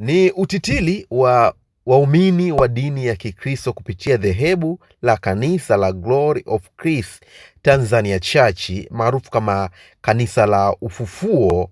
Ni utitili wa waumini wa dini ya Kikristo kupitia dhehebu la Kanisa la Glory of Christ Tanzania Church maarufu kama Kanisa la Ufufuo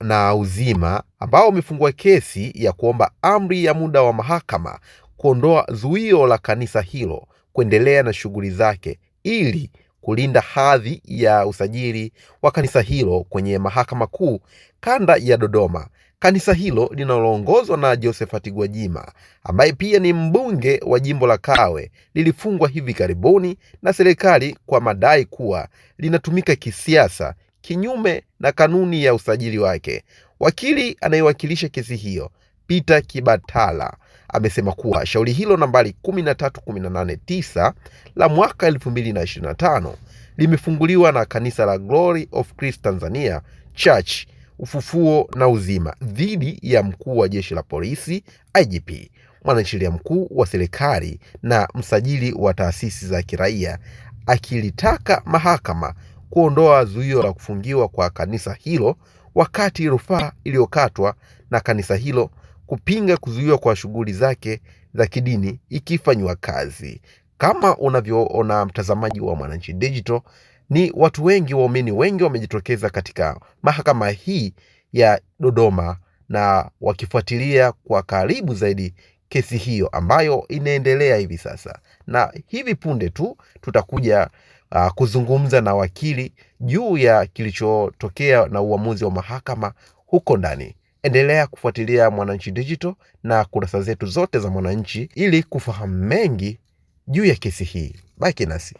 na Uzima, ambao wamefungua kesi ya kuomba amri ya muda wa mahakama kuondoa zuio la kanisa hilo kuendelea na shughuli zake ili kulinda hadhi ya usajili wa kanisa hilo kwenye Mahakama Kuu Kanda ya Dodoma kanisa hilo linaloongozwa na Josephat Gwajima ambaye pia ni mbunge wa jimbo la Kawe lilifungwa hivi karibuni na serikali kwa madai kuwa linatumika kisiasa kinyume na kanuni ya usajili wake. Wakili anayewakilisha kesi hiyo Peter Kibatala amesema kuwa shauri hilo nambari 13189 la mwaka 2025 limefunguliwa na kanisa la Glory of Christ Tanzania Church ufufuo na uzima dhidi ya mkuu wa jeshi la polisi IGP, mwanasheria mkuu wa serikali na msajili wa taasisi za kiraia, akilitaka mahakama kuondoa zuio la kufungiwa kwa kanisa hilo wakati rufaa iliyokatwa na kanisa hilo kupinga kuzuiwa kwa shughuli zake za kidini ikifanywa kazi. Kama unavyoona mtazamaji wa Mwananchi Digital, ni watu wengi waumini wengi wamejitokeza katika mahakama hii ya dodoma na wakifuatilia kwa karibu zaidi kesi hiyo ambayo inaendelea hivi sasa na hivi punde tu tutakuja uh, kuzungumza na wakili juu ya kilichotokea na uamuzi wa mahakama huko ndani endelea kufuatilia mwananchi digital na kurasa zetu zote za mwananchi ili kufahamu mengi juu ya kesi hii baki nasi